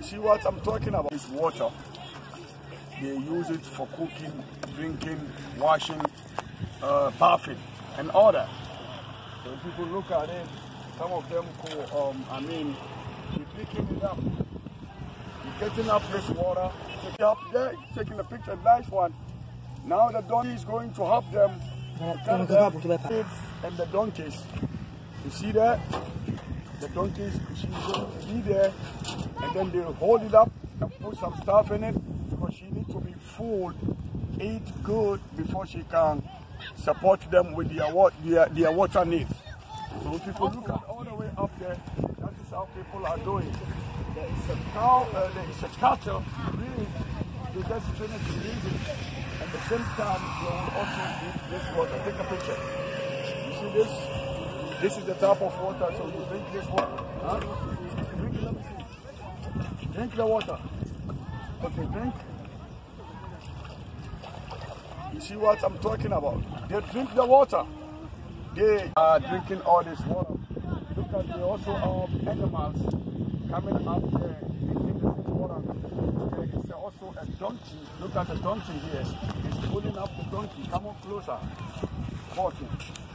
You see what I'm talking about is water. They use it for cooking, drinking, washing, uh, bathing, and all that. So people look at it, some of them call, um, I mean, you're picking it up. You're getting up this water, take up there, taking a picture, nice one. Now the donkey is going to help them, yeah, them, them and the donkeys. You see that? the donkeys, she will be there, and then they'll hold it up and put some stuff in it because she needs to be full, eat good before she can support them with their, their, their water needs. So if you look at all the way up there, that is how people are doing. There is a cow, uh, there is a cattle, really, they just finish leaving. At the same time, they will also eat this water. Take a picture. You see this? This is the type of water, so you drink this water. Huh? Drink, drink the water. Okay, drink. You see what I'm talking about? They drink the water. They are drinking all this water. Look at the also of animals coming up there drinking the water. There is also a donkey. Look at the donkey here. He's pulling up the donkey. Come on closer. Walking.